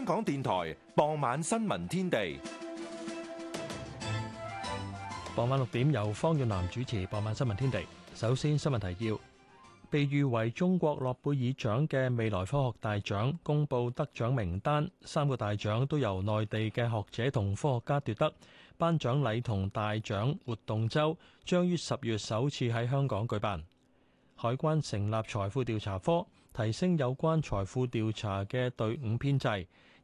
香港電台傍晚新聞天地，傍晚六點由方遠南主持。傍晚新聞天地，首先新聞提要：被譽為中國諾貝爾獎嘅未來科學大獎公布得獎名單，三個大獎都由內地嘅學者同科學家奪得。頒獎禮同大獎活動周將於十月首次喺香港舉辦。海關成立財富調查科，提升有關財富調查嘅隊伍編制。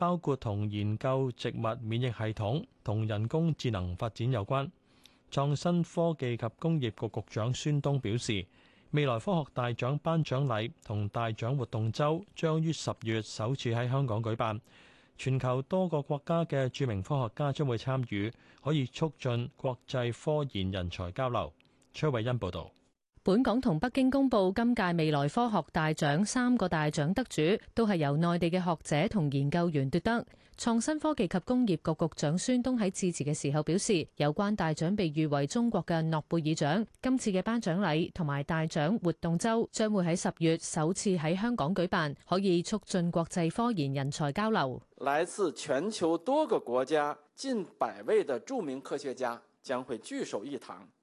包括同研究植物免疫系統同人工智能發展有關，創新科技及工業局局長孫東表示，未來科學大獎頒獎禮同大獎活動週將於十月首次喺香港舉辦，全球多個國家嘅著名科學家將會參與，可以促進國際科研人才交流。崔偉恩報道。本港同北京公布今屆未來科學大獎三個大獎得主，都係由內地嘅學者同研究員奪得。創新科技及工業局局長孫東喺致辭嘅時候表示，有關大獎被譽為中國嘅諾貝爾獎。今次嘅頒獎禮同埋大獎活動周將會喺十月首次喺香港舉辦，可以促進國際科研人才交流。來自全球多個國家近百位嘅著名科學家將會聚首一堂。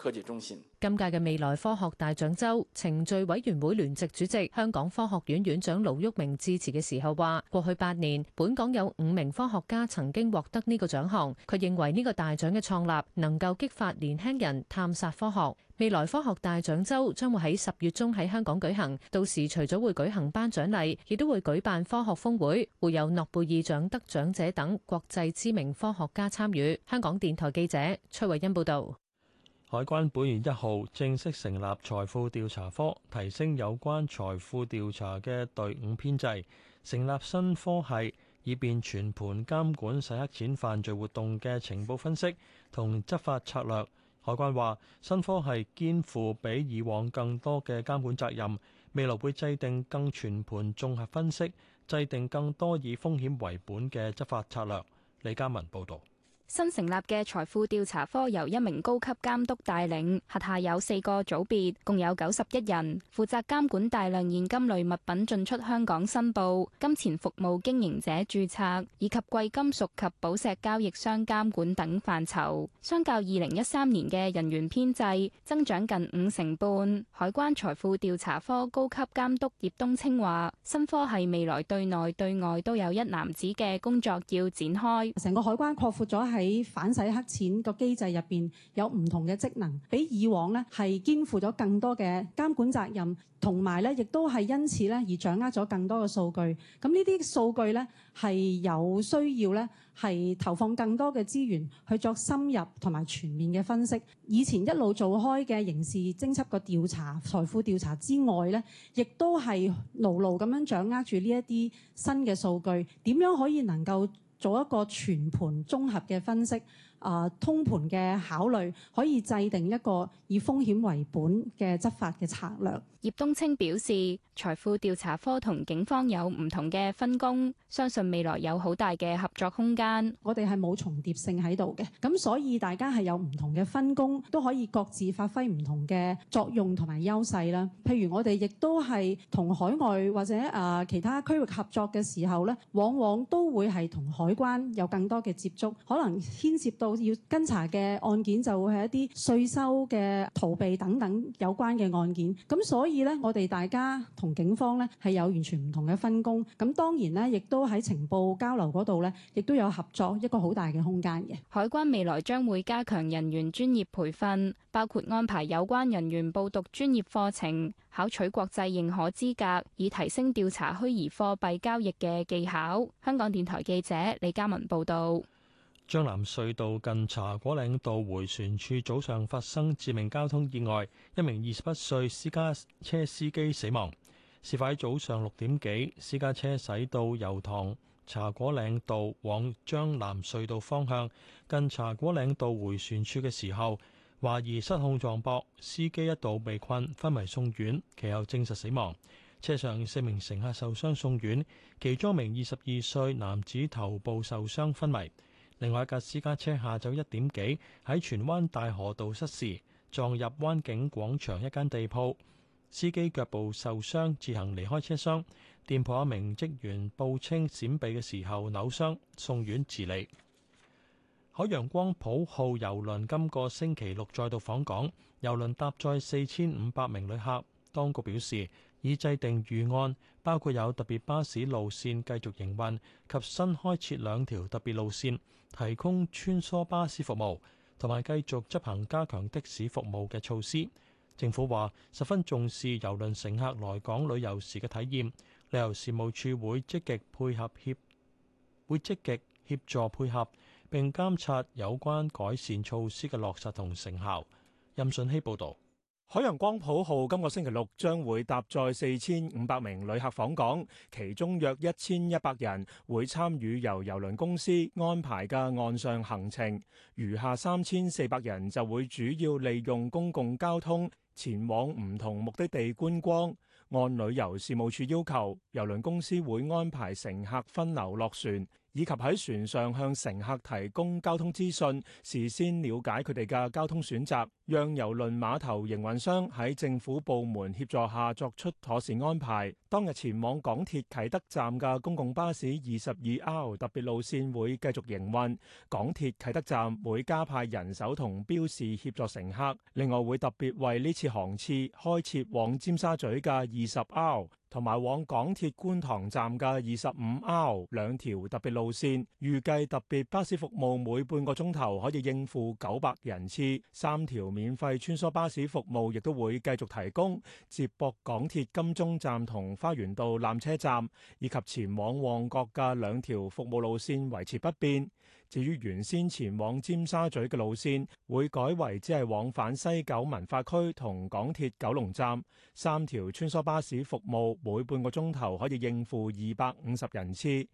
科技中心今屆嘅未來科學大獎周程序委員會聯席主席、香港科學院院長盧煜明致辭嘅時候話，過去八年，本港有五名科學家曾經獲得呢個獎項。佢認為呢個大獎嘅創立能夠激發年輕人探索科學。未來科學大獎周將會喺十月中喺香港舉行，到時除咗會舉行頒獎禮，亦都會舉辦科學峰會，會有諾貝爾獎得獎者等國際知名科學家參與。香港電台記者崔慧欣報道。海關本月一號正式成立財富調查科，提升有關財富調查嘅隊伍編制，成立新科係，以便全盤監管洗黑錢犯罪活動嘅情報分析同執法策略。海關話，新科係肩負比以往更多嘅監管責任，未來會制定更全盤綜合分析，制定更多以風險為本嘅執法策略。李嘉文報道。新成立嘅財富調查科由一名高級監督帶領，轄下有四個組別共有九十一人，負責監管大量現金類物品進出香港、申報金錢服務經營者註冊以及貴金屬及寶石交易商監管等範疇。相較二零一三年嘅人員編制，增長近五成半。海關財富調查科高級監督葉東青話，新科係未來對內對外都有一籃子嘅工作要展開，成個海關擴闊咗係。喺反洗黑錢個機制入邊有唔同嘅職能，比以往咧係肩負咗更多嘅監管責任，同埋咧亦都係因此咧而掌握咗更多嘅數據。咁呢啲數據咧係有需要咧係投放更多嘅資源去作深入同埋全面嘅分析。以前一路做開嘅刑事偵緝個調查、財富調查之外咧，亦都係牢牢咁樣掌握住呢一啲新嘅數據，點樣可以能夠做一個全盤綜合嘅分析。啊，通盤嘅考慮可以制定一個以風險為本嘅執法嘅策略。葉東青表示，財富調查科同警方有唔同嘅分工，相信未來有好大嘅合作空間。我哋係冇重疊性喺度嘅，咁所以大家係有唔同嘅分工，都可以各自發揮唔同嘅作用同埋優勢啦。譬如我哋亦都係同海外或者啊其他區域合作嘅時候咧，往往都會係同海關有更多嘅接觸，可能牽涉到要跟查嘅案件就會係一啲稅收嘅逃避等等有關嘅案件，咁所以咧，我哋大家同警方咧係有完全唔同嘅分工。咁當然咧，亦都喺情報交流嗰度咧，亦都有合作一個好大嘅空間嘅。海關未來將會加強人員專業培訓，包括安排有關人員報讀專業課程，考取國際認可資格，以提升調查虛擬貨幣交易嘅技巧。香港電台記者李嘉文報道。將南隧道近茶果嶺道回旋處早上發生致命交通意外，一名二十一歲私家車司機死亡。事發喺早上六點幾，私家車駛到油塘茶果嶺道往將南隧道方向，近茶果嶺道回旋處嘅時候，懷疑失控撞壆，司機一度被困昏迷送院，其後證實死亡。車上四名乘客受傷送院，其中一名二十二歲男子頭部受傷昏迷。另外一架私家車下晝一點幾喺荃灣大河道失事，撞入灣景廣場一間地鋪，司機腳部受傷，自行離開車廂。店鋪一名職員報稱閃避嘅時候扭傷，送院治理。海洋光譜號郵輪今個星期六再度訪港，郵輪搭載四千五百名旅客。當局表示已制定預案，包括有特別巴士路線繼續營運及新開設兩條特別路線。提供穿梭巴士服務，同埋繼續執行加強的士服務嘅措施。政府話十分重視郵輪乘客來港旅遊時嘅體驗，旅遊事務處會積極配合協，會積極協助配合，並監察有關改善措施嘅落實同成效。任信希報導。海洋光譜號今個星期六將會搭載四千五百名旅客訪港，其中約一千一百人會參與由郵輪公司安排嘅岸上行程，餘下三千四百人就會主要利用公共交通前往唔同目的地觀光。按旅遊事務處要求，郵輪公司會安排乘客分流落船。以及喺船上向乘客提供交通資訊，事先了解佢哋嘅交通選擇，讓郵輪碼頭營運商喺政府部門協助下作出妥善安排。當日前往港鐵啟德站嘅公共巴士二十二 R 特別路線會繼續營運，港鐵啟德站會加派人手同標示協助乘客，另外會特別為呢次航次開設往尖沙咀嘅二十 R 同埋往港鐵觀塘站嘅二十五 R 兩條特別路線，預計特別巴士服務每半個鐘頭可以應付九百人次。三條免費穿梭巴士服務亦都會繼續提供，接駁港鐵金鐘站同花園道纜車站，以及前往旺角嘅兩條服務路線維持不變。至於原先前往尖沙咀嘅路線，會改為只係往返西九文化區同港鐵九龍站。三條穿梭巴士服務。每半個鐘頭可以應付二百五十人次。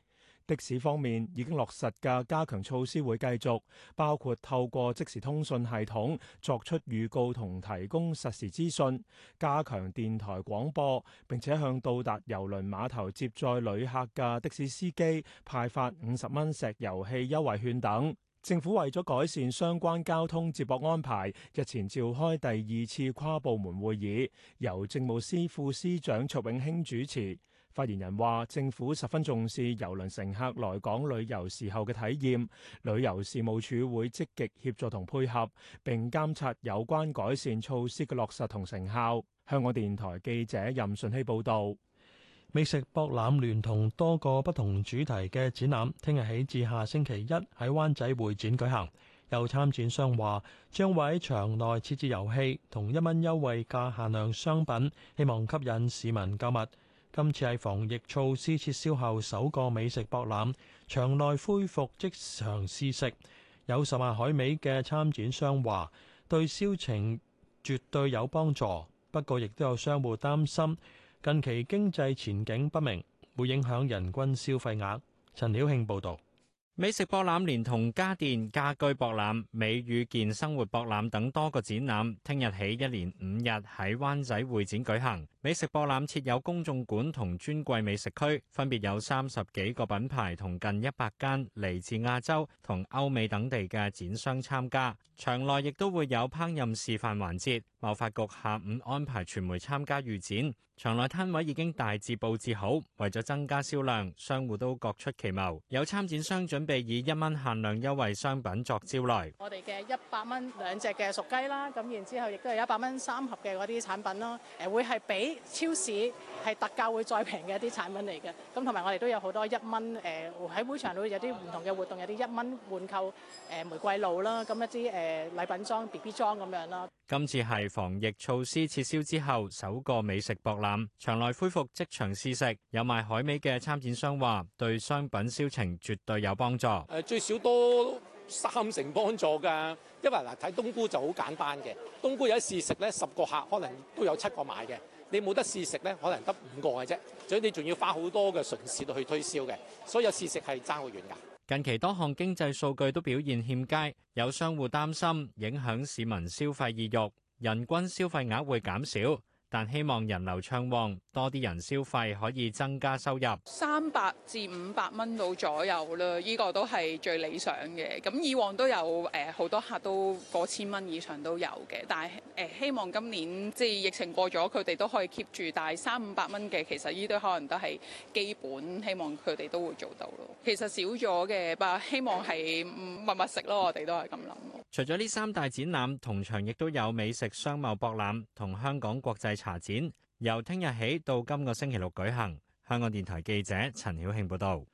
的士方面已經落實嘅加強措施會繼續，包括透過即時通訊系統作出預告同提供實時資訊，加強電台廣播，並且向到達郵輪碼頭接載旅客嘅的，的士司機派發五十蚊石油氣優惠券等。政府為咗改善相關交通接駁安排，日前召開第二次跨部門會議，由政務司副司長卓永興主持。發言人話：政府十分重視郵輪乘客來港旅遊時候嘅體驗，旅遊事務處會積極協助同配合，並監察有關改善措施嘅落實同成效。香港電台記者任順希報道。美食博覽聯同多個不同主題嘅展覽，聽日起至下星期一喺灣仔會展舉行。有參展商話，將會喺場內設置遊戲，同一蚊優惠價限量商品，希望吸引市民購物。今次係防疫措施撤銷後首個美食博覽，場內恢復即場試食。有十萬海味嘅參展商話，對銷情絕對有幫助，不過亦都有商戶擔心。近期經濟前景不明，會影響人均消費額。陳曉慶報導，美食博覽連同家電、家居博覽、美與健生活博覽等多個展覽，聽日起一連五日喺灣仔會展舉行。美食博覽設有公眾館同尊貴美食區，分別有三十幾個品牌同近一百間嚟自亞洲同歐美等地嘅展商參加。場內亦都會有烹飪示範環節。貿發局下午安排傳媒參加預展。場內攤位已經大致佈置好，為咗增加銷量，商戶都各出奇謀。有參展商準備以一蚊限量優惠商品作招徠。我哋嘅一百蚊兩隻嘅熟雞啦，咁然之後亦都係一百蚊三盒嘅嗰啲產品咯。誒，會係比超市係特價會再平嘅一啲產品嚟嘅。咁同埋我哋都有好多一蚊，誒，喺會場度有啲唔同嘅活動，有啲一蚊換購誒玫瑰露啦，咁一啲誒禮品裝 BB 裝咁樣咯。今次係防疫措施撤銷之後首個美食博覽，場內恢復即場試食。有賣海味嘅參展商話：對商品銷情絕對有幫助。誒最少多三成幫助㗎，因為嗱睇冬菇就好簡單嘅，冬菇有得試食咧，十個客可能都有七個買嘅，你冇得試食咧，可能得五個嘅啫。所以你仲要花好多嘅唇舌去推銷嘅，所以有試食係爭好遠㗎。近期多項經濟數據都表現欠佳，有商戶擔心影響市民消費意欲，人均消費額會減少。但希望人流暢旺，多啲人消費可以增加收入。三百至五百蚊到左右啦，呢個都係最理想嘅。咁以往都有誒好多客都過千蚊以上都有嘅，但係誒希望今年即係疫情過咗，佢哋都可以 keep 住。但係三五百蚊嘅，其實呢啲可能都係基本，希望佢哋都會做到咯。其實少咗嘅，但係希望係密密食咯，我哋都係咁諗。除咗呢三大展覽，同場亦都有美食商貿博覽同香港國際。茶展由聽日起到今個星期六舉行。香港電台記者陳曉慶報道，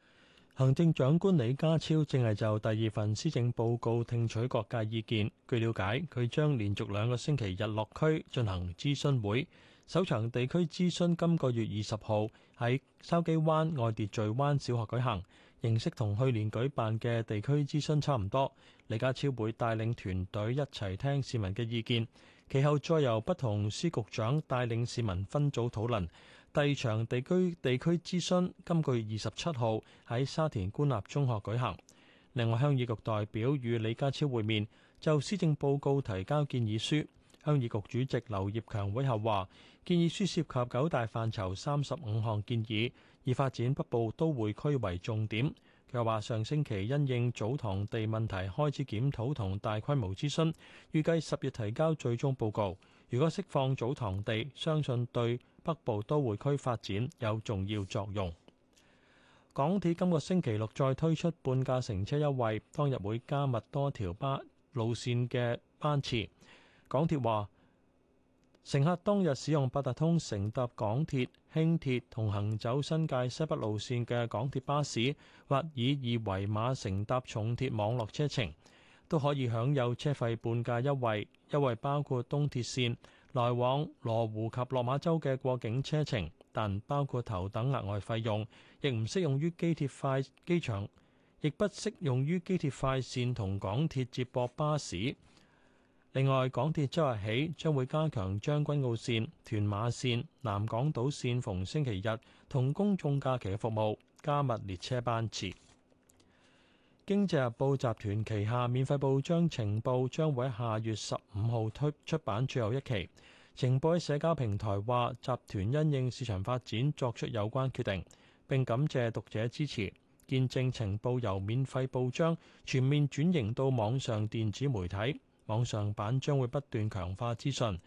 行政長官李家超正係就第二份施政報告聽取各界意見。據了解，佢將連續兩個星期日落區進行諮詢會。首場地區諮詢今個月二十號喺筲箕灣愛秩序灣小學舉行，形式同去年舉辦嘅地區諮詢差唔多。李家超會帶領團隊一齊聽市民嘅意見。其後再由不同司局長帶領市民分組討論。第二場地區地區諮詢今個月二十七號喺沙田官立中學舉行。另外，鄉議局代表與李家超會面，就施政報告提交建議書。鄉議局主席劉業強會後話：建議書涉及九大範疇三十五項建議，以發展北部都會區為重點。又話上星期因應祖堂地問題開始檢討同大規模諮詢，預計十月提交最終報告。如果釋放祖堂地，相信對北部都會區發展有重要作用。港鐵今個星期六再推出半價乘車優惠，當日會加密多條巴路線嘅班次。港鐵話，乘客當日使用八達通乘搭港鐵、輕鐵同行走新界西北路線嘅港鐵巴士，或以二維碼乘，乘搭重鐵網絡車程，都可以享有車費半價優惠。優惠包括東鐵線來往羅湖及落馬洲嘅過境車程，但包括頭等額外費用，亦唔適用於機鐵快機場，亦不適用於機鐵快線同港鐵接駁巴士。另外，港鐵周日起將會加強將軍澳綫、屯馬綫、南港島綫，逢星期日同公眾假期嘅服務，加密列車班次。《經濟日報》集團旗下免費報章《情報》將會喺下月十五號推出版最後一期。情報喺社交平台話，集團因應市場發展作出有關決定，並感謝讀者支持，見證情報由免費報章全面轉型到網上電子媒體。網上版將會不斷強化資訊。《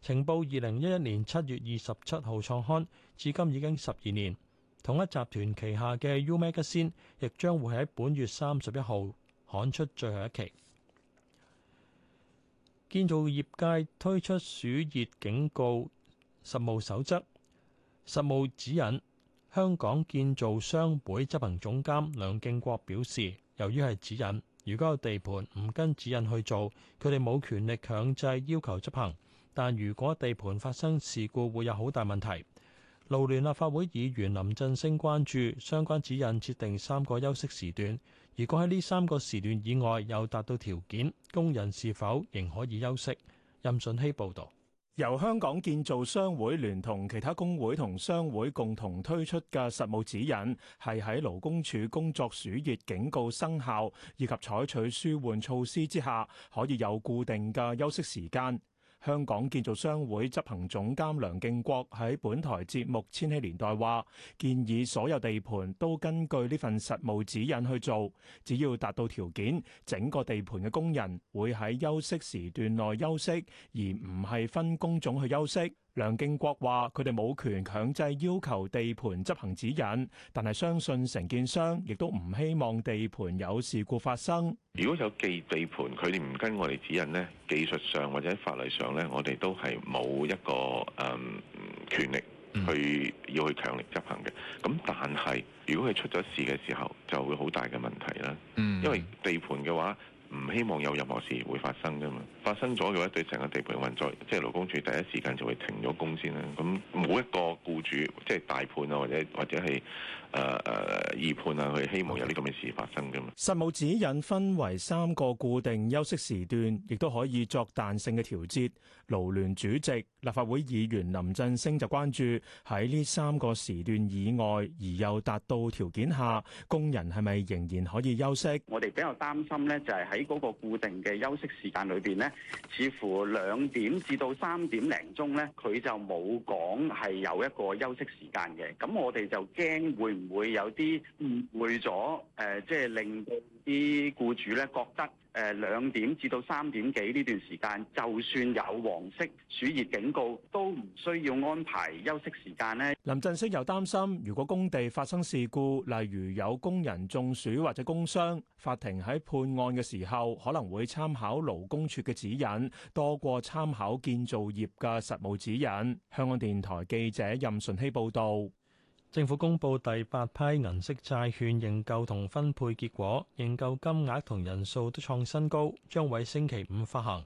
情報》二零一一年七月二十七號創刊，至今已經十二年。同一集團旗下嘅《U Magazine》亦將會喺本月三十一號刊出最後一期。建造業界推出暑熱警告實務守則、實務指引。香港建造商會執行總監梁敬國表示，由於係指引。如果個地盤唔跟指引去做，佢哋冇權力強制要求執行。但如果地盤發生事故，會有好大問題。勞聯立法會議員林振升關注相關指引設定三個休息時段，如果喺呢三個時段以外又達到條件，工人是否仍可以休息？任順希報導。由香港建造商會聯同其他工會同商會共同推出嘅實務指引，係喺勞工處工作暑熱警告生效以及採取舒緩措施之下，可以有固定嘅休息時間。香港建造商會執行總監梁敬國喺本台節目《千禧年代》話，建議所有地盤都根據呢份實務指引去做，只要達到條件，整個地盤嘅工人會喺休息時段內休息，而唔係分工種去休息。梁敬國話：佢哋冇權強制要求地盤執行指引，但係相信承建商亦都唔希望地盤有事故發生。如果有記地盤，佢哋唔跟我哋指引呢？技術上或者法律上咧，我哋都係冇一個誒、嗯、權力去要去強力執行嘅。咁但係如果佢出咗事嘅時候，就會好大嘅問題啦。因為地盤嘅話。唔希望有任何事會發生㗎嘛，發生咗嘅話，對成個地盤運作，即係勞工處第一時間就會停咗工先啦。咁每一個僱主，即係大判呀，或者或者係，誒誒，二、呃、判啊！佢希望有呢咁嘅事發生㗎嘛？實務指引分為三個固定休息時段，亦都可以作彈性嘅調節。勞聯主席、立法會議員林振昇就關注喺呢三個時段以外，而又達到條件下，工人係咪仍然可以休息？我哋比較擔心呢，就係喺嗰個固定嘅休息時間裏邊呢，似乎兩點至到三點零鐘呢，佢就冇講係有一個休息時間嘅。咁我哋就驚會會有啲誤會咗，誒，即係令到啲僱主咧覺得，誒，兩點至到三點幾呢段時間，就算有黃色暑熱警告，都唔需要安排休息時間咧。林振聲又擔心，如果工地發生事故，例如有工人中暑或者工傷，法庭喺判案嘅時候，可能會參考勞工處嘅指引，多過參考建造業嘅實務指引。香港電台記者任順希報道。政府公布第八批銀色債券認購同分配結果，認購金額同人數都創新高，將會星期五發行。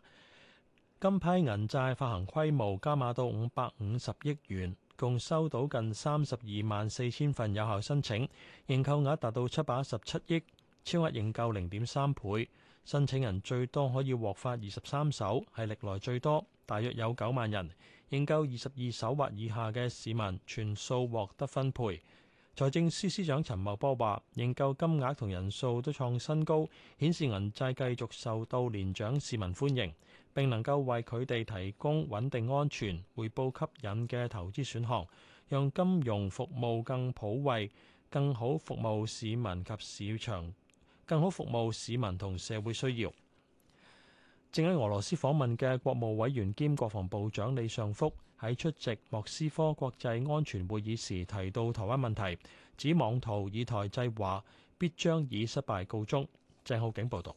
今批銀債發行規模加碼到五百五十億元，共收到近三十二萬四千份有效申請，認購額達到七百一十七億，超額認購零點三倍。申請人最多可以獲發二十三手，係歷來最多，大約有九萬人。認購二十二手或以下嘅市民，全數獲得分配。財政司司長陳茂波話：認購金額同人數都創新高，顯示銀債繼續受到年長市民歡迎，並能夠為佢哋提供穩定、安全、回報吸引嘅投資選項，讓金融服務更普惠，更好服務市民及市場，更好服務市民同社會需要。正喺俄羅斯訪問嘅國務委員兼國防部長李尚福喺出席莫斯科國際安全會議時提到台灣問題，指妄圖以台制華，必將以失敗告終。鄭浩景報導。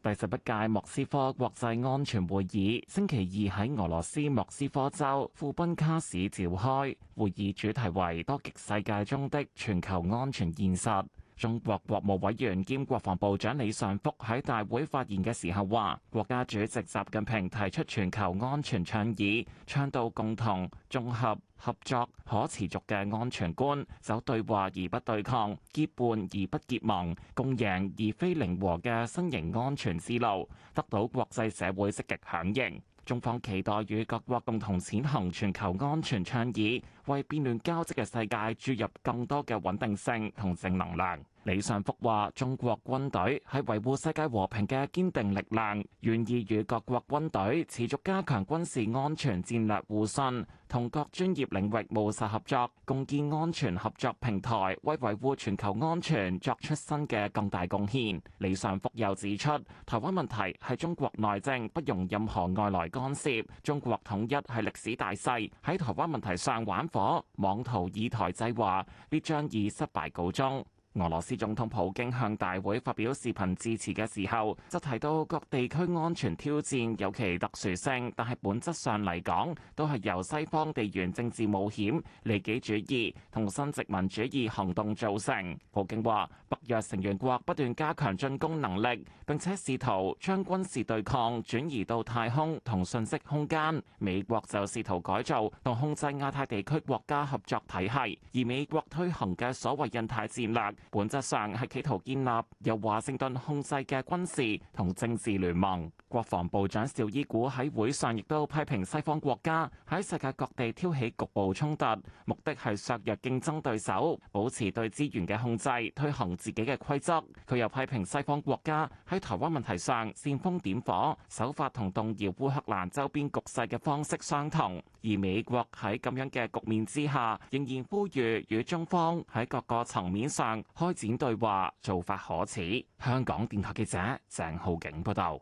第十一屆莫斯科國際安全會議星期二喺俄羅斯莫斯科州庫賓卡市召開，會議主題為多極世界中的全球安全現實。中國國務委員兼國防部長李尚福喺大會發言嘅時候話，國家主席習近平提出全球安全倡議，倡導共同、綜合、合作、可持續嘅安全觀，走對話而不對抗、結伴而不結盟、共贏而非零和嘅新型安全思路，得到國際社會積極響應。中方期待與各國共同踐行全球安全倡議，為變亂交織嘅世界注入更多嘅穩定性同正能量。李尚福話：中國軍隊係維護世界和平嘅堅定力量，願意與各國軍隊持續加強軍事安全戰略互信，同各專業領域務實合作，共建安全合作平台，為維護全球安全作出新嘅更大貢獻。李尚福又指出，台灣問題係中國內政，不容任何外來干涉。中國統一係歷史大勢，喺台灣問題上玩火、妄圖以台制華，必將以失敗告終。俄羅斯總統普京向大會發表視頻致詞嘅時候，就提到各地區安全挑戰有其特殊性，但係本質上嚟講，都係由西方地緣政治冒險、利己主義同新殖民主義行動造成。普京話：北約成員國不斷加強進攻能力，並且試圖將軍事對抗轉移到太空同信息空間。美國就試圖改造同控制亞太地區國家合作體系，而美國推行嘅所謂印太戰略，本質上係企圖建立由華盛頓控制嘅軍事同政治聯盟。國防部長邵伊古喺會上亦都批評西方國家喺世界各地挑起局部衝突，目的係削弱競爭對手，保持對資源嘅控制，推行自己嘅規則。佢又批評西方國家喺台灣問題上煽風點火，手法同動搖烏克蘭周邊局勢嘅方式相同。而美國喺咁樣嘅局面之下，仍然呼籲與中方喺各個層面上開展對話做法可恥。香港電台記者鄭浩景報道，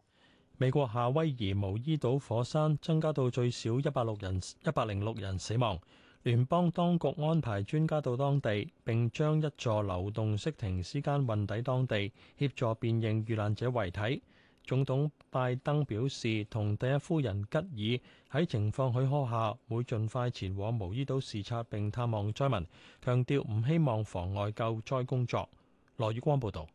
美國夏威夷毛伊島火山增加到最少一百六人、一百零六人死亡。聯邦當局安排專家到當地，並將一座流動式停屍間運抵當地，協助辨認遇難者遺體。總統拜登表示，同第一夫人吉爾喺情況許可下，會盡快前往毛伊島視察並探望災民，強調唔希望妨礙救災工作。羅宇光報道，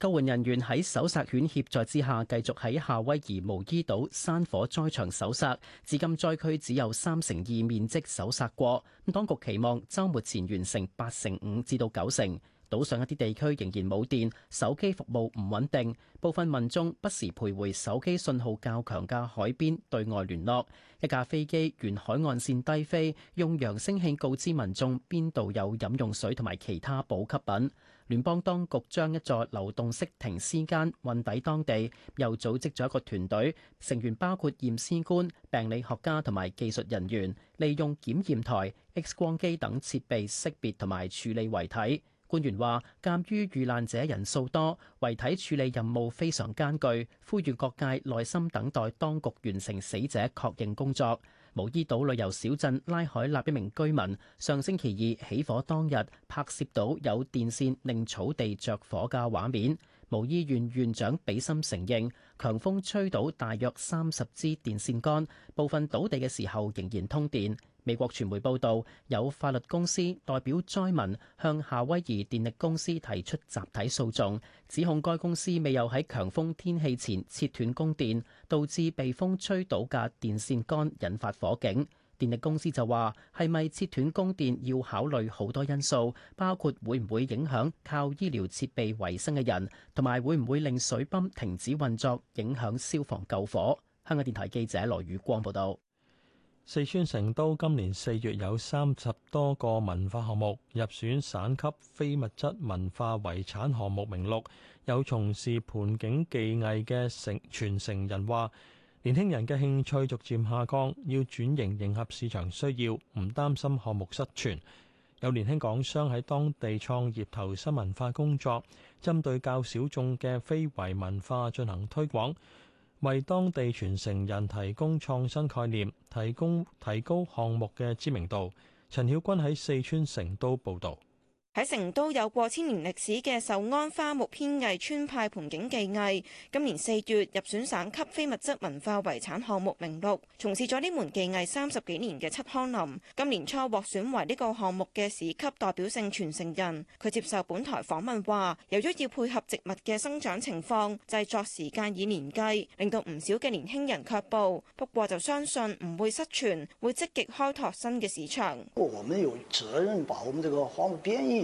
救援人員喺搜救犬協助之下，繼續喺夏威夷毛伊島山火災場搜索，至今災區只有三成二面積搜索過。咁當局期望週末前完成八成五至到九成。島上一啲地區仍然冇電，手機服務唔穩定。部分民眾不時徘徊手機信號較強嘅海邊對外聯絡。一架飛機沿海岸線低飛，用揚聲器告知民眾邊度有飲用水同埋其他補給品。聯邦當局將一座流動式停屍間運抵當地，又組織咗一個團隊，成員包括驗屍官、病理學家同埋技術人員，利用檢驗台、X 光機等設備識別同埋處理遺體。官員話：鑑於遇難者人數多，遺體處理任務非常艱巨，呼籲各界耐心等待當局完成死者確認工作。毛伊島旅遊小鎮拉海納一名居民，上星期二起火當日，拍攝到有電線令草地着火嘅畫面。毛伊縣縣長比森承認。強風吹倒大約三十支電線杆，部分倒地嘅時候仍然通電。美國傳媒報道，有法律公司代表災民向夏威夷電力公司提出集體訴訟，指控該公司未有喺強風天氣前切斷供電，導致被風吹倒嘅電線杆引發火警。電力公司就話，係咪切斷供電要考慮好多因素，包括會唔會影響靠醫療設備維生嘅人，同埋會唔會令水泵停止運作，影響消防救火。香港電台記者羅宇光報道。四川成都今年四月有三十多個文化項目入選省級非物質文化遺產項目名錄。有從事盆景技藝嘅成傳承人話。年輕人嘅興趣逐漸下降，要轉型迎合市場需要，唔擔心項目失傳。有年輕港商喺當地創業，投身文化工作，針對較小眾嘅非遺文化進行推廣，為當地傳承人提供創新概念，提供提高項目嘅知名度。陳曉君喺四川成都報導。喺成都有過千年歷史嘅壽安花木編藝川派盆景技藝，今年四月入選省級非物質文化遺產項目名錄。從事咗呢門技藝三十幾年嘅戚康林，今年初獲選為呢個項目嘅市級代表性傳承人。佢接受本台訪問話，由於要配合植物嘅生長情況，製作時間以年計，令到唔少嘅年輕人卻步。不過就相信唔會失傳，會積極開拓新嘅市場。我們有責任把我們這個花木編藝。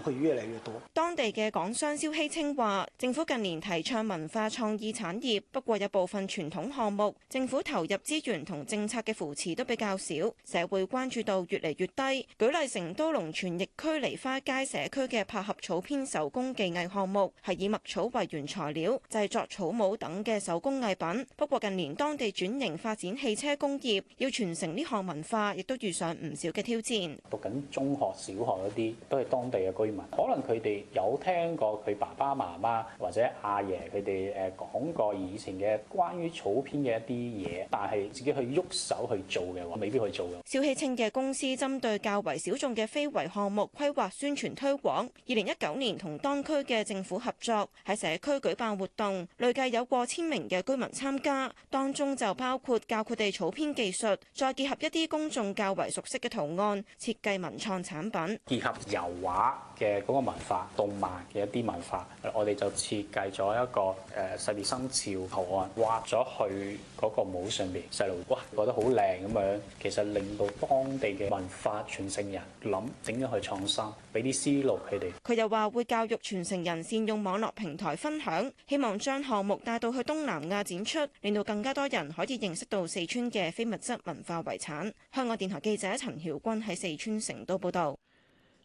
會越嚟越多。當地嘅港商蕭希清話，政府近年提倡文化創意產業，不過有部分傳統項目，政府投入資源同政策嘅扶持都比較少，社會關注度越嚟越低。舉例成都龍泉驛區梨花街社區嘅柏合草編手工技藝項目，係以麥草為原材料，製作草帽等嘅手工藝品。不過近年當地轉型發展汽車工業，要傳承呢項文化，亦都遇上唔少嘅挑戰。讀緊中學、小學啲都係當地嘅。可能佢哋有聽過佢爸爸媽媽或者阿爺佢哋誒講過以前嘅關於草編嘅一啲嘢，但係自己去喐手去做嘅話，未必去做嘅。小氣清嘅公司針對較為小眾嘅非遺項目規劃宣傳推廣，二零一九年同當區嘅政府合作喺社區舉辦活動，累計有過千名嘅居民參加，當中就包括教佢哋草編技術，再結合一啲公眾較為熟悉嘅圖案設計文創產品，結合油畫。嘅嗰個文化動漫嘅一啲文化，我哋就設計咗一個誒《十二生肖》圖案，畫咗去嗰個帽上面細路哇覺得好靚咁樣，其實令到當地嘅文化傳承人諗點樣去創新，俾啲思路佢哋。佢又話會教育傳承人善用網絡平台分享，希望將項目帶到去東南亞展出，令到更加多人可以認識到四川嘅非物質文化遺產。香港電台記者陳曉君喺四川成都報道。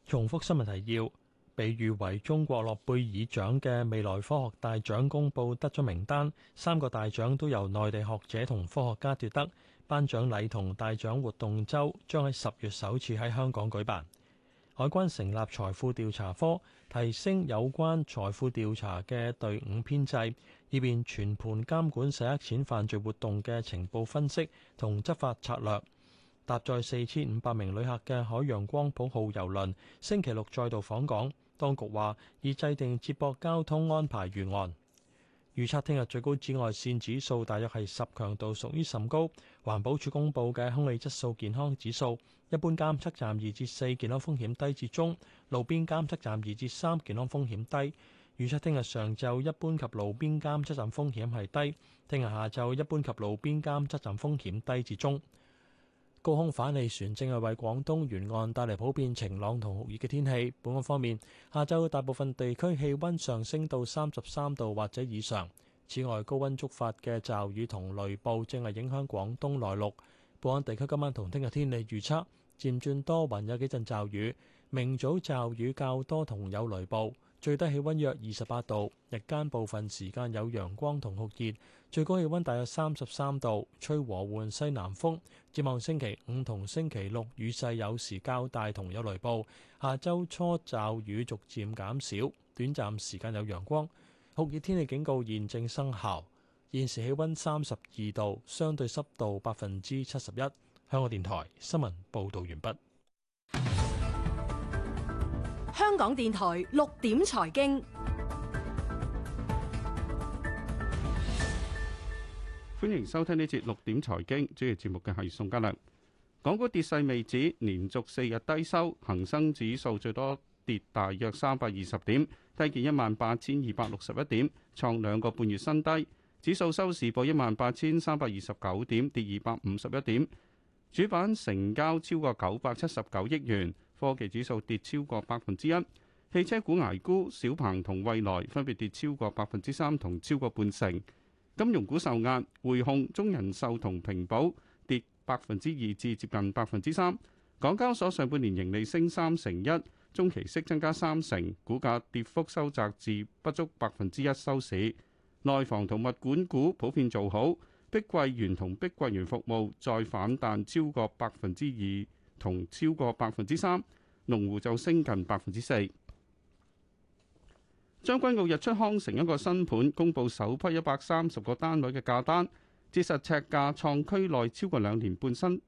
重複新聞提要：被譽為中國諾貝爾獎嘅未來科學大獎公佈得咗名單，三個大獎都由內地學者同科學家奪得。頒獎禮同大獎活動週將喺十月首次喺香港舉辦。海關成立財富調查科，提升有關財富調查嘅隊伍編制，以便全盤監管洗黑錢犯罪活動嘅情報分析同執法策略。搭載四千五百名旅客嘅海洋光譜號郵輪，星期六再度訪港。當局話已制定接駁交通安排預案。預測聽日最高紫外線指數大約係十，強度屬於甚高。環保署公佈嘅空氣質素健康指數，一般監測站二至四，健康風險低至中；路邊監測站二至三，健康風險低。預測聽日上晝一般及路邊監測站風險係低，聽日下晝一般及路邊監測站風險低至中。高空反氣旋正係為廣東沿岸帶嚟普遍晴朗同酷熱嘅天氣。本港方面，下晝大部分地區氣溫上升到三十三度或者以上。此外，高溫觸發嘅驟雨同雷暴正係影響廣東內陸。本港地區今晚同聽日天氣預測漸轉多雲，有幾陣驟雨。明早驟雨較多同有雷暴。最低氣温約二十八度，日間部分時間有陽光同酷熱，最高氣温大約三十三度，吹和緩西南風。展望星期五同星期六雨勢有時較大同有雷暴，下周初驟雨逐漸減少，短暫時間有陽光，酷熱天氣警告現正生效。現時氣温三十二度，相對濕度百分之七十一。香港電台新聞報導完畢。香港電台六點財經，歡迎收聽呢節六點財經。主持節目嘅係宋嘉良。港股跌勢未止，連續四日低收，恒生指數最多跌大約三百二十點，低見一萬八千二百六十一點，創兩個半月新低。指數收市報一萬八千三百二十九點，跌二百五十一點。主板成交超過九百七十九億元。科技指數跌超過百分之一，汽車股捱沽，小鵬同蔚來分別跌超過百分之三同超過半成。金融股受壓，匯控，中人壽同平保跌百分之二至接近百分之三。港交所上半年盈利升三成一，中期息增加三成，股價跌幅收窄至不足百分之一收市。內房同物管股普遍做好，碧桂園同碧桂園服務再反彈超過百分之二。同超過百分之三，農戶就升近百分之四。將軍澳日出康城一個新盤公布首批一百三十個單位嘅價單，折實尺價創區內超過兩年半新，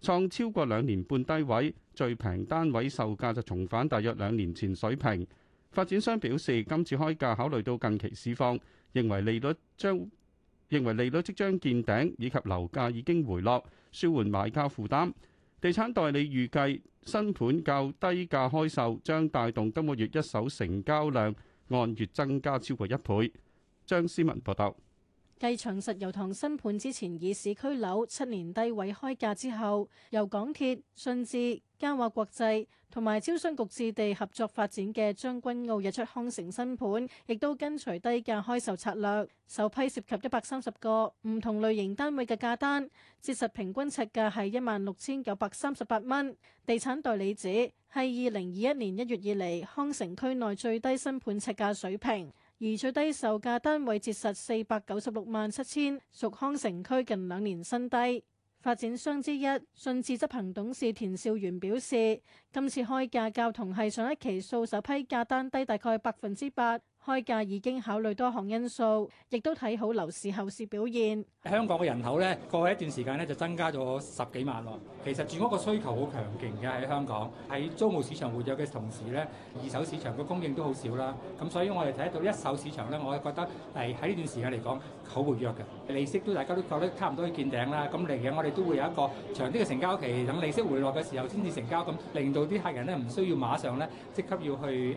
創超過兩年半低位，最平單位售價就重返大約兩年前水平。發展商表示，今次開價考慮到近期市況，認為利率將認為利率即將見頂，以及樓價已經回落，舒緩買家負擔。地產代理預計新盤較低價開售，將帶動今個月一手成交量按月增加超過一倍。張思文報道。繼長實油塘新盤之前以市區樓七年低位開價之後，由港鐵、信置、嘉華國際同埋招商局置地合作發展嘅將軍澳日出康城新盤，亦都跟隨低價開售策略，首批涉及一百三十個唔同類型單位嘅價單，折實平均尺價係一萬六千九百三十八蚊。地產代理指係二零二一年一月以嚟康城區內最低新盤尺價水平。而最低售價單位折實四百九十六萬七千，屬康城區近兩年新低。發展商之一信置執行董事田兆元表示，今次開價較同系上一期數首批價單低大概百分之八。開價已經考慮多項因素，亦都睇好樓市後市表現。香港嘅人口咧過去一段時間咧就增加咗十幾萬咯。其實住屋嘅需求好強勁嘅。喺香港，喺租務市場活躍嘅同時咧，二手市場嘅供應都好少啦。咁所以我哋睇到一手市場咧，我覺得係喺呢段時間嚟講好活躍嘅。利息都大家都覺得差唔多要見頂啦。咁嚟緊我哋都會有一個長啲嘅成交期，等利息回落嘅時候先至成交，咁令到啲客人咧唔需要馬上咧即刻要去誒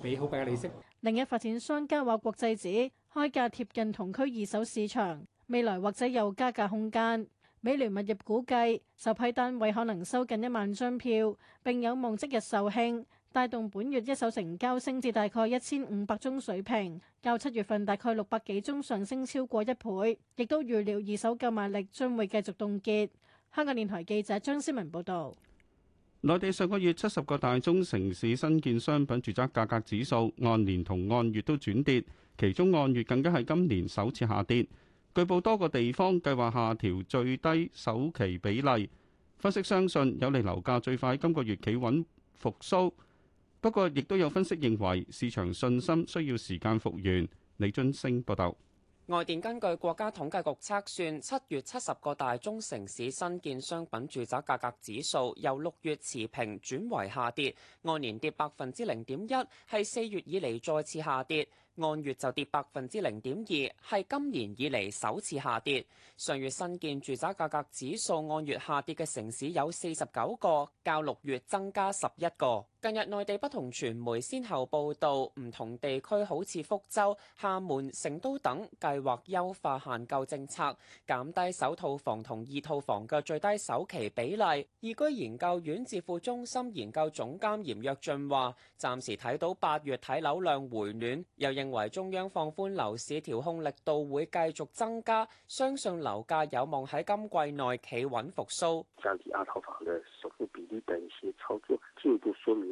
俾好貴嘅利息。另一發展商嘉華國際指開價貼近同區二手市場，未來或者有加價空間。美聯物業估計首批單位可能收近一萬張票，並有望即日售罄，帶動本月一手成交升至大概一千五百宗水平，較七月份大概六百幾宗上升超過一倍。亦都預料二手購買力將會繼續凍結。香港電台記者張思文報導。內地上個月七十個大中城市新建商品住宅價格指數，按年同按月都轉跌，其中按月更加係今年首次下跌。據報多個地方計劃下調最低首期比例，分析相信有利樓價最快今個月企穩復甦。不過，亦都有分析認為市場信心需要時間復原。李津升報道。外電根據國家統計局測算，七月七十個大中城市新建商品住宅價格指數由六月持平轉為下跌，按年跌百分之零點一，係四月以嚟再次下跌，按月就跌百分之零點二，係今年以嚟首次下跌。上月新建住宅價格指數按月下跌嘅城市有四十九個，較六月增加十一個。近日，內地不同傳媒先後報道，唔同地區好似福州、廈門、成都等計劃優化限購政策，減低首套房同二套房嘅最低首期比例。易居研究院智庫中心研究總監嚴躍進話，暫時睇到八月睇樓量回暖，又認為中央放寬樓市調控力度會繼續增加，相信樓價有望喺今季內企穩復甦。降低二套房嘅首付比例等一些操作，進一步說明。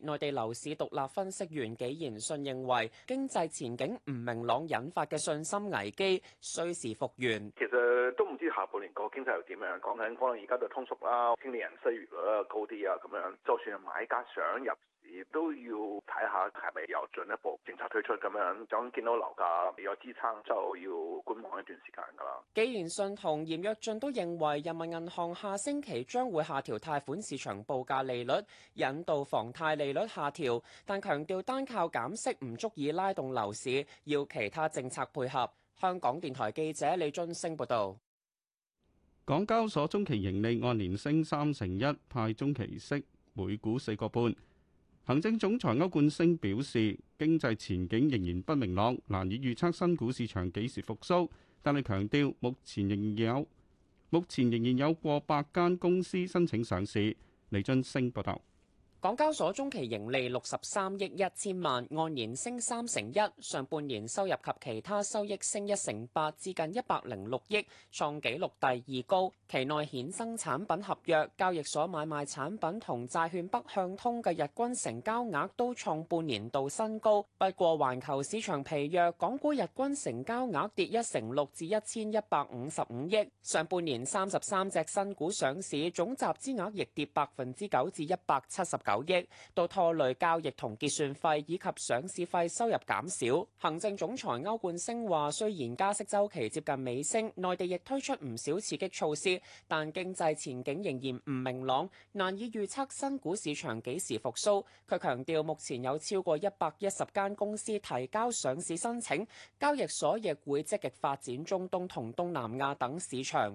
內地樓市獨立分析員紀賢信認為，經濟前景唔明朗引發嘅信心危機，需時復原。其實都唔知下半年個經濟又點樣。講緊可能而家就通縮啦，青年人失業率高啲啊，咁樣就算買家想入。亦都要睇下係咪有進一步政策推出，咁樣咁見到樓價未有支撐，就要觀望一段時間噶啦。既然信同嚴躍進都認為人民銀行下星期將會下調貸款市場報價利率，引導房貸利率下調，但強調單靠減息唔足以拉動樓市，要其他政策配合。香港電台記者李俊升報道。港交所中期盈利按年升三成一，派中期息每股四個半。行政總裁歐冠升表示，經濟前景仍然不明朗，難以預測新股市場幾時復蘇。但係強調，目前仍有目前仍然有過百間公司申請上市。李俊升報道。港交所中期盈利六十三億一千萬按年升三成一。上半年收入及其他收益升一成八，至近一百零六億創紀錄第二高。期內衍生產品合約交易所買賣產品同債券北向通嘅日均成交額都創半年度新高。不過環球市場疲弱，港股日均成交額跌一成六至一千一百五十五億。上半年三十三隻新股上市，總集資額亦跌百分之九至一百七十。九億都拖累交易同結算費以及上市費收入減少。行政總裁歐冠昇話：雖然加息週期接近尾聲，內地亦推出唔少刺激措施，但經濟前景仍然唔明朗，難以預測新股市場幾時復甦。佢強調，目前有超過一百一十間公司提交上市申請，交易所亦會積極發展中東同東南亞等市場。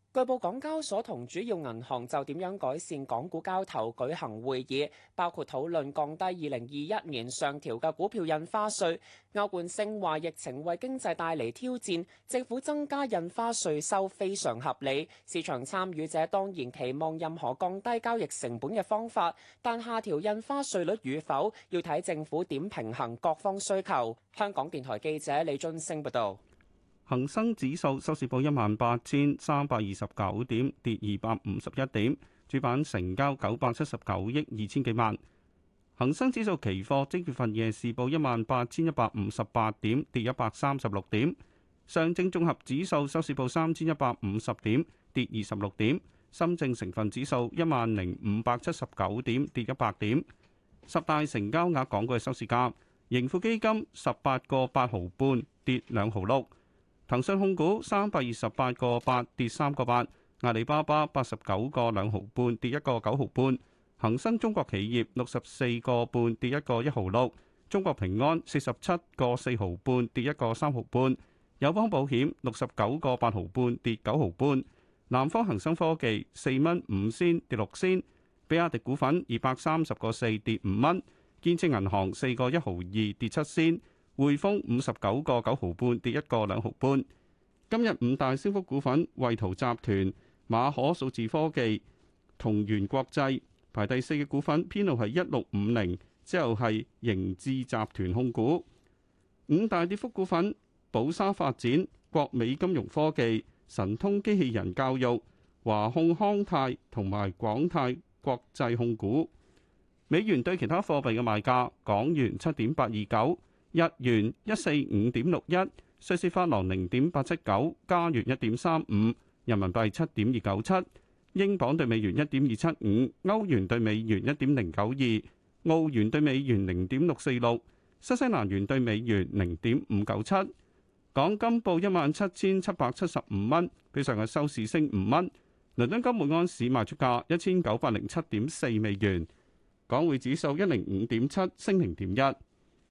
據報港交所同主要銀行就點樣改善港股交投舉行會議，包括討論降低二零二一年上調嘅股票印花稅。歐冠昇話：疫情為經濟帶嚟挑戰，政府增加印花稅收非常合理。市場參與者當然期望任何降低交易成本嘅方法，但下調印花稅率與否，要睇政府點平衡各方需求。香港電台記者李俊升報道。恒生指數收市報一萬八千三百二十九點，跌二百五十一點。主板成交九百七十九億二千幾萬。恒生指數期貨，即月份夜市報一萬八千一百五十八點，跌一百三十六點。上證綜合指數收市報三千一百五十點，跌二十六點。深證成分指數一萬零五百七十九點，跌一百點。十大成交額港股嘅收市價，盈富基金十八個八毫半，跌兩毫六。騰訊控股三百二十八個八，跌三個八，阿里巴巴八十九個兩毫半，跌一個九毫半，恒生中國企業六十四個半，跌一個一毫六，中國平安四十七個四毫半，跌一個三毫半，友邦保險六十九個八毫半，跌九毫半，南方恒生科技四蚊五仙，跌六仙，比亞迪股份二百三十個四，跌五蚊，建設銀行四個一毫二，跌七仙。匯豐五十九個九毫半，跌一個兩毫半。今日五大升幅股份：惠圖集團、馬可數字科技、同源國際。排第四嘅股份，編號係一六五零，之後係盈智集團控股。五大跌幅股份：寶沙發展、國美金融科技、神通機器人教育、華控康泰同埋廣泰國際控股。美元對其他貨幣嘅賣價：港元七點八二九。日元一四五點六一，瑞士法郎零點八七九，加元一點三五，人民幣七點二九七，英鎊對美元一點二七五，歐元對美元一點零九二，澳元對美元零點六四六，新西蘭元對美元零點五九七。港金報一萬七千七百七十五蚊，比上日收市升五蚊。倫敦金每盎司賣出價一千九百零七點四美元。港匯指數一零五點七，升零點一。